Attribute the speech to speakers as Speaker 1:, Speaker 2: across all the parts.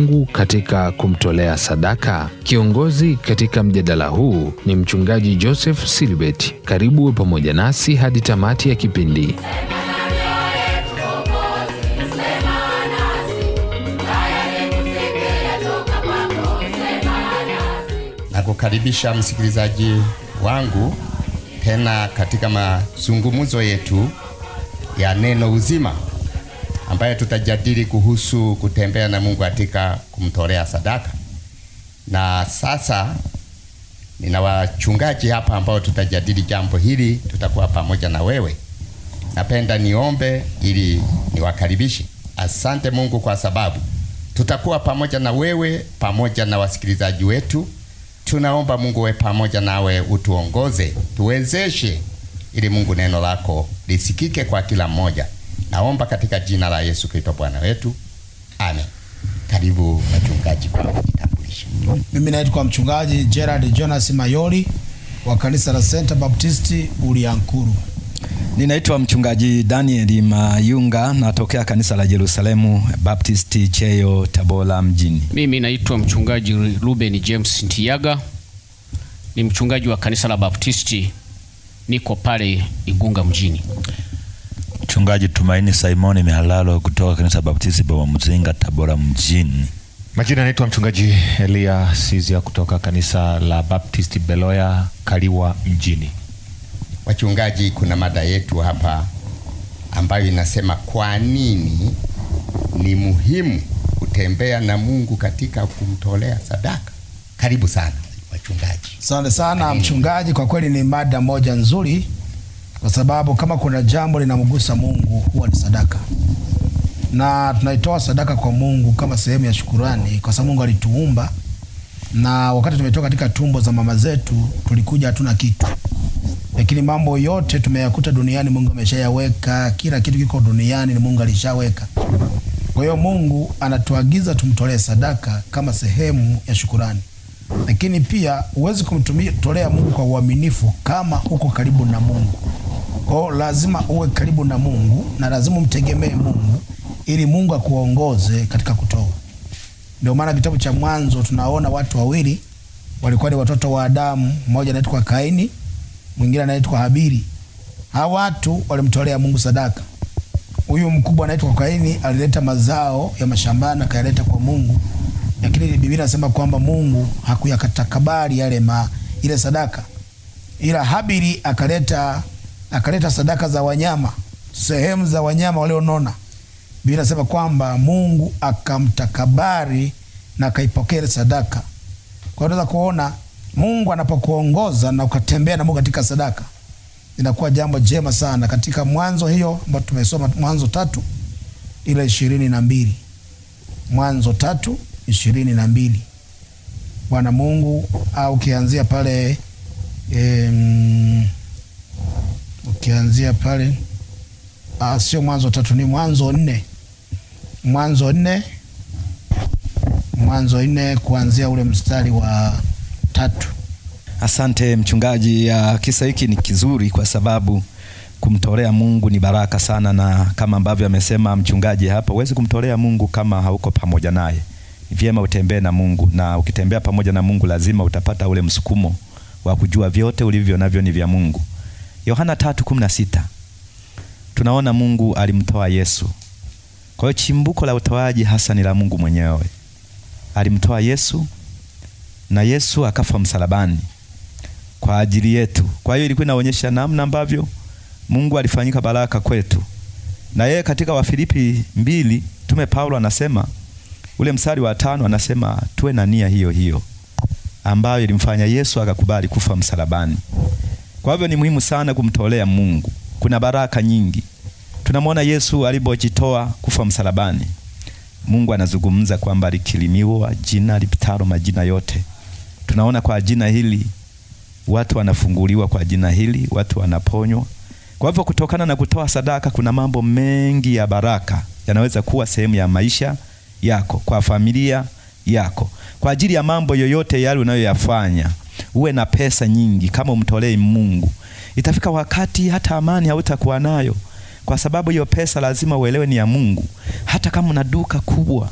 Speaker 1: Mungu katika kumtolea sadaka. Kiongozi katika mjadala huu ni Mchungaji Joseph silibet Karibu pamoja nasi hadi tamati ya kipindi.
Speaker 2: Nakukaribisha msikilizaji wangu tena katika mazungumzo yetu ya neno uzima ambaye tutajadili kuhusu kutembea na Mungu katika kumtolea sadaka. Na sasa nina wachungaji hapa ambao tutajadili jambo hili, tutakuwa pamoja na wewe. Napenda niombe ili niwakaribishe. Asante Mungu kwa sababu tutakuwa pamoja na wewe pamoja na wasikilizaji wetu. Tunaomba Mungu we pamoja nawe, utuongoze, tuwezeshe, ili Mungu neno lako lisikike kwa kila mmoja. Naomba katika jina la Yesu Kristo Bwana wetu, amen. Karibu wachungaji kwa kujitambulisha.
Speaker 3: Mimi naitwa mchungaji Gerard Jonas Mayoli wa kanisa la Center Baptist Uliankuru.
Speaker 4: Ninaitwa mchungaji Daniel Mayunga natokea kanisa la Yerusalemu Baptist Cheyo Tabora mjini.
Speaker 5: Mimi naitwa mchungaji Ruben James Ntiyaga ni mchungaji wa kanisa la Baptisti niko pale
Speaker 6: Igunga mjini. Mchungaji Tumaini Simoni Mihalalo kutoka kanisa
Speaker 7: Baptisti Boma Mzinga Tabora mjini. Majina naitwa mchungaji Elia Sizia
Speaker 2: kutoka kanisa la Baptisti Beloya Kaliwa mjini. Wachungaji, kuna mada yetu hapa ambayo inasema kwa nini ni muhimu kutembea na Mungu katika kumtolea sadaka. Karibu sana wachungaji. Asante sana mchungaji, kwa kweli ni mada moja nzuri
Speaker 3: kwa sababu kama kuna jambo linamgusa Mungu huwa ni sadaka, na tunaitoa sadaka kwa Mungu kama sehemu ya shukurani, kwa sababu Mungu alituumba, na wakati tumetoka katika tumbo za mama zetu tulikuja hatuna kitu, lakini mambo yote tumeyakuta duniani, Mungu ameshayaweka. Kila kitu kiko duniani ni Mungu alishaweka. Kwa hiyo Mungu anatuagiza tumtolee sadaka kama sehemu ya shukurani, lakini pia huwezi kumtolea Mungu kwa uaminifu kama huko karibu na Mungu. Kwa lazima uwe karibu na Mungu na lazima umtegemee Mungu ili Mungu akuongoze katika kutoa. Ndio maana kitabu cha Mwanzo tunaona watu wawili walikuwa ni watoto wa Adamu, mmoja anaitwa Kaini, mwingine anaitwa Habili. Hawa watu walimtolea Mungu sadaka. Huyu mkubwa anaitwa Kaini alileta mazao ya mashambani akayaleta kwa Mungu, lakini Biblia inasema kwamba Mungu hakuyatakabali yale ma, ile sadaka, ila Habili akaleta akaleta sadaka za wanyama, sehemu za wanyama walionona. Biblia inasema kwamba Mungu akamtakabari na akaipokea sadaka. Kwa hiyo unaweza kuona Mungu anapokuongoza na ukatembea na Mungu katika sadaka inakuwa jambo jema sana. Katika Mwanzo hiyo ambayo tumesoma Mwanzo tatu ile ishirini na mbili Mwanzo tatu ishirini na mbili Bwana Mungu au ukianzia pale ukianzia pale ah, sio Mwanzo tatu, ni Mwanzo nne, Mwanzo nne, Mwanzo nne kuanzia ule mstari wa
Speaker 4: tatu. Asante mchungaji. Uh, kisa hiki ni kizuri kwa sababu kumtolea Mungu ni baraka sana, na kama ambavyo amesema mchungaji hapa, huwezi kumtolea Mungu kama hauko pamoja naye. Vyema utembee na Mungu, na ukitembea pamoja na Mungu lazima utapata ule msukumo wa kujua vyote ulivyo navyo ni vya Mungu. Yohana 3:16 tunaona Mungu alimtoa Yesu. Kwa hiyo chimbuko la utoaji hasa ni la Mungu mwenyewe. Alimtoa Yesu na Yesu akafa msalabani kwa ajili yetu. Kwa hiyo ilikuwa inaonyesha namna ambavyo Mungu alifanyika baraka kwetu. Na yeye katika Wafilipi mbili tume Paulo anasema ule msari wa tano anasema tuwe na nia hiyo hiyo ambayo ilimfanya Yesu akakubali kufa msalabani. Kwa hivyo ni muhimu sana kumtolea Mungu. Kuna baraka nyingi. Tunamwona Yesu alipojitoa kufa msalabani. Mungu anazungumza kwamba likilimiwa jina lipitalo majina yote. Tunaona kwa jina hili watu wanafunguliwa, kwa jina hili watu wanaponywa. Kwa hivyo kutokana na kutoa sadaka, kuna mambo mengi ya baraka yanaweza kuwa sehemu ya maisha yako, kwa familia yako, kwa ajili ya mambo yoyote yale unayoyafanya uwe na pesa nyingi, kama umtolei Mungu, itafika wakati hata amani hautakuwa nayo, kwa sababu hiyo pesa lazima uelewe ni ya Mungu. Hata kama una duka kubwa,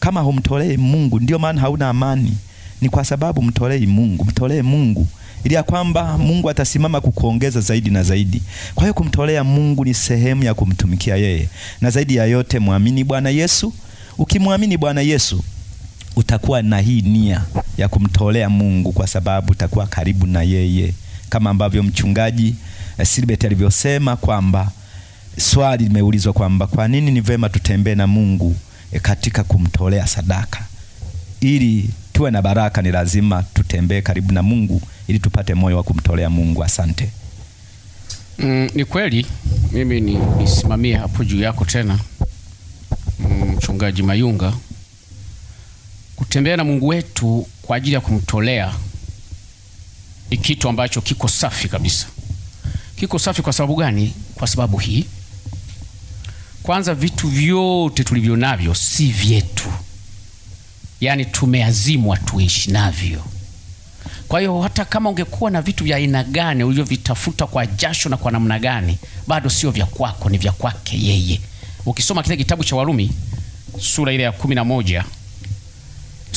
Speaker 4: kama humtolei Mungu, ndio maana hauna amani, ni kwa sababu mtolei Mungu. Mtolee Mungu ili ya kwamba Mungu atasimama kukuongeza zaidi na zaidi. Kwa hiyo kumtolea Mungu ni sehemu ya kumtumikia yeye, na zaidi ya yote, mwamini Bwana Yesu. Ukimwamini Bwana Yesu utakuwa na hii nia ya kumtolea Mungu kwa sababu utakuwa karibu na yeye, kama ambavyo mchungaji eh, Silbert alivyosema kwamba swali limeulizwa kwamba kwa nini ni vema tutembee na Mungu eh, katika kumtolea sadaka. Ili tuwe na baraka, ni lazima tutembee karibu na Mungu ili tupate moyo wa kumtolea Mungu. Asante.
Speaker 5: Mm, ni kweli mimi nisimamie hapo juu yako tena, mm, mchungaji mm, Mayunga kutembea na Mungu wetu kwa ajili ya kumtolea ni kitu ambacho kiko safi kabisa. Kiko safi kwa sababu gani? Kwa sababu hii, kwanza, vitu vyote tulivyo navyo si vyetu, yaani tumeazimwa tuishi navyo. Kwa hiyo hata kama ungekuwa na vitu vya aina gani ulivyovitafuta kwa jasho na kwa namna gani, bado sio vya kwako, ni vya kwake yeye. Ukisoma kile kitabu cha Warumi sura ile ya kumi na moja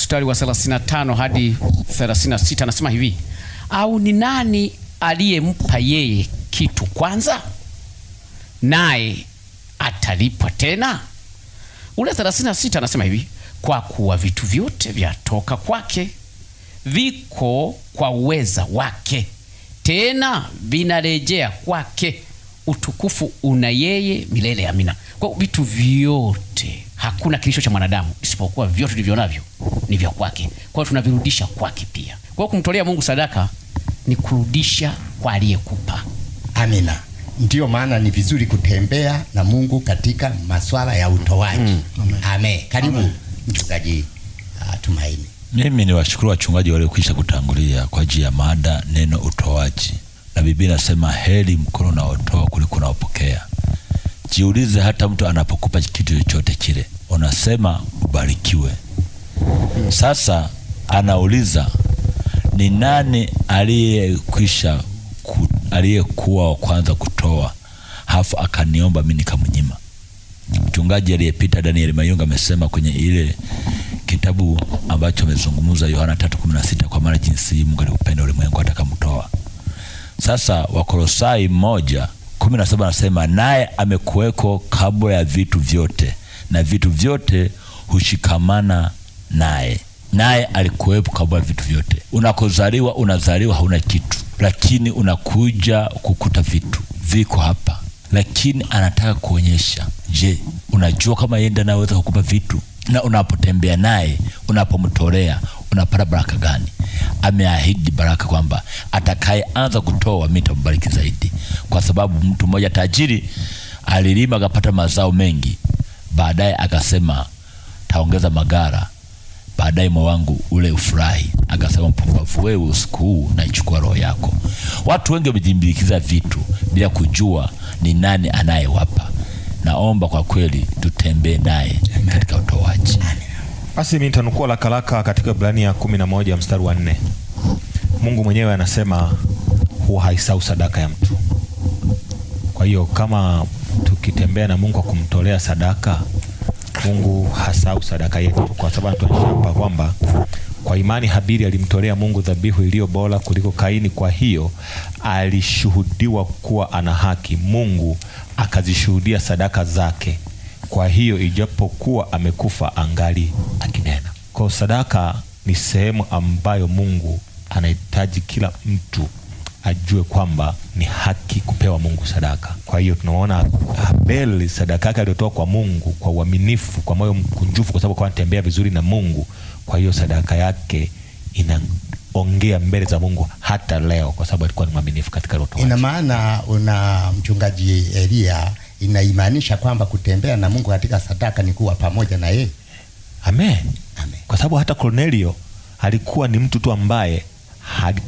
Speaker 5: mstari wa 35 hadi 36, anasema hivi, au ni nani aliyempa yeye kitu kwanza, naye atalipwa tena? Ule 36 anasema hivi, kwa kuwa vitu vyote vyatoka kwake, viko kwa uweza wake, tena vinarejea kwake, utukufu una yeye milele. Amina. Kwa vitu vyote hakuna kilicho cha mwanadamu isipokuwa vyote tulivyo navyo ni vya kwake. Kwa hiyo tunavirudisha kwake pia. Kwa hiyo kumtolea Mungu sadaka ni kurudisha kwa aliyekupa. Amina.
Speaker 2: Ndiyo maana ni vizuri kutembea na Mungu katika maswala ya utoaji. Mm. Amen. Amen. Karibu mchungaji ah, Tumaini.
Speaker 6: Mimi ni washukuru wachungaji waliokwisha kutangulia kwa ajili ya mada neno utoaji, na Biblia inasema heri mkono unaotoa kuliko unaopokea. Jiulize, hata mtu anapokupa kitu chochote kile unasema ubarikiwe. Sasa anauliza ni nani aliyekwisha ku, aliyekuwa wa kwanza kutoa hafu akaniomba mimi nikamnyima? Mchungaji aliyepita Daniel Mayunga amesema kwenye ile kitabu ambacho amezungumza Yohana 3:16 kwa maana jinsi Mungu aliupenda ulimwengu atakamtoa. Sasa Wakolosai moja kumi na saba anasema naye amekuweko kabla ya vitu vyote, na vitu vyote hushikamana naye, naye alikuwepo kabla ya vitu vyote. Unakozaliwa, unazaliwa hauna kitu, lakini unakuja kukuta vitu viko hapa, lakini anataka kuonyesha. Je, unajua kama yeye ndiye anaweza kukupa vitu? Na unapotembea naye, unapomtolea, unapata baraka gani? ameahidi baraka kwamba atakayeanza kutoa mimi nitambariki zaidi, kwa sababu mtu mmoja tajiri alilima akapata mazao mengi, baadaye akasema taongeza magara, baadaye moyo wangu ule ufurahi. Akasema mpumbavu wewe, usiku huu naichukua roho yako. Watu wengi wamejimbikiza vitu bila kujua ni nani anayewapa. Naomba kwa kweli tutembee naye katika utoaji. Basi mimi nitanukua
Speaker 7: lakalaka katika Ibrania kumi na moja mstari wa nne. Mungu mwenyewe anasema huwa haisau sadaka ya mtu. Kwa hiyo kama tukitembea na Mungu kwa kumtolea sadaka, Mungu hasau sadaka yetu, kwa sababu tunashamba kwamba kwa imani Habiri alimtolea Mungu dhabihu iliyo bora kuliko Kaini. Kwa hiyo alishuhudiwa kuwa ana haki, Mungu akazishuhudia sadaka zake. Kwa hiyo ijapokuwa amekufa angali akinena. Kwa sadaka ni sehemu ambayo Mungu anahitaji kila mtu ajue kwamba ni haki kupewa Mungu sadaka. Kwa hiyo tunaona abeli sadaka yake aliyotoa kwa Mungu kwa uaminifu, kwa moyo mkunjufu, kwa sababu kwa anatembea vizuri na Mungu. Kwa hiyo sadaka yake inaongea mbele za Mungu hata leo, kwa sababu alikuwa ni mwaminifu katika roho.
Speaker 2: Ina maana una mchungaji Elia, inaimaanisha kwamba kutembea na Mungu katika sadaka ni kuwa pamoja na yeye. Amen. Amen. Kwa sababu hata Cornelio alikuwa ni mtu tu ambaye
Speaker 7: had,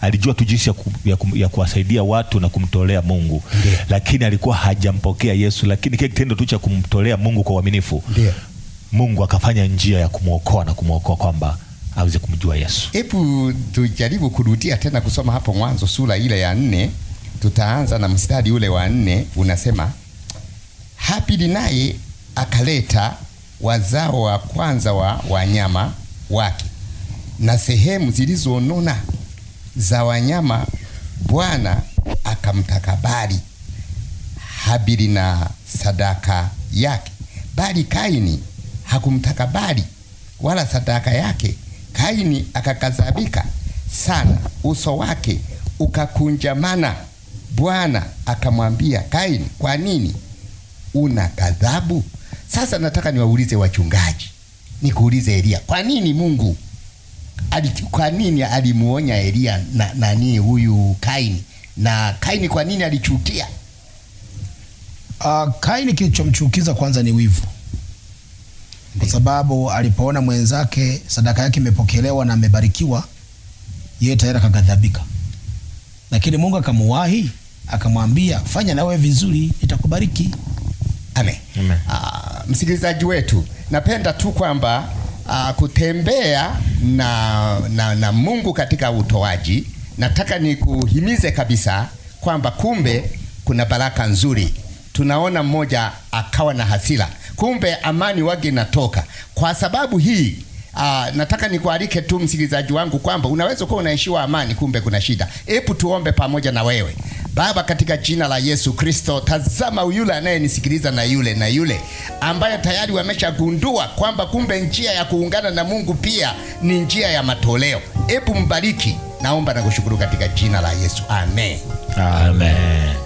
Speaker 7: alijua tu jinsi ya, ku, ya, ku, ya kuwasaidia watu na kumtolea Mungu Ndiye. Lakini alikuwa hajampokea Yesu, lakini kile kitendo tu cha kumtolea Mungu kwa uaminifu
Speaker 2: Mungu akafanya njia ya kumwokoa na kumwokoa kwamba aweze kumjua Yesu. Hebu tujaribu kurudia tena kusoma hapo mwanzo sura ile ya nne. Tutaanza na mstari ule wa nne unasema, Habili naye akaleta wazao wa kwanza wa wanyama wake na sehemu zilizonona za wanyama, Bwana akamtakabali Habili na sadaka yake, bali Kaini hakumtakabali wala sadaka yake. Kaini akakazabika sana, uso wake ukakunjamana. Bwana akamwambia Kaini, kwa nini una ghadhabu? Sasa nataka niwaulize wachungaji, nikuulize Elia, kwa nini Mungu kwa nini alimuonya Elia na nani huyu Kaini na Kaini kwa nini alichukia? Uh, Kaini kilichomchukiza kwanza ni wivu,
Speaker 3: kwa sababu alipoona mwenzake sadaka yake imepokelewa na amebarikiwa, yeye tayari akaghadhabika, lakini Mungu akamuwahi akamwambia,
Speaker 2: fanya nawe vizuri, nitakubariki. Amen. Amen. Uh, msikilizaji wetu, napenda tu kwamba uh, kutembea na, na, na Mungu katika utoaji, nataka nikuhimize kabisa kwamba kumbe kuna baraka nzuri. Tunaona mmoja akawa na hasira, kumbe amani wage inatoka kwa sababu hii. Aa, ah, nataka nikualike tu msikilizaji wangu kwamba unaweza kuwa unaishiwa amani, kumbe kuna shida. Hebu tuombe pamoja na wewe. Baba, katika jina la Yesu Kristo, tazama yule anayenisikiliza na yule na yule ambaye tayari wameshagundua kwamba kumbe njia ya kuungana na Mungu pia ni njia ya matoleo. Hebu mbariki, naomba na kushukuru katika jina la Yesu, amen,
Speaker 1: amen.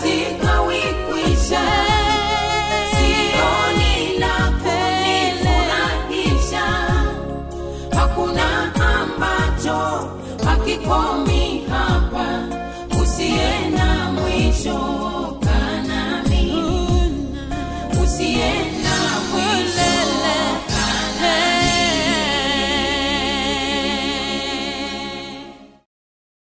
Speaker 5: kazi kawa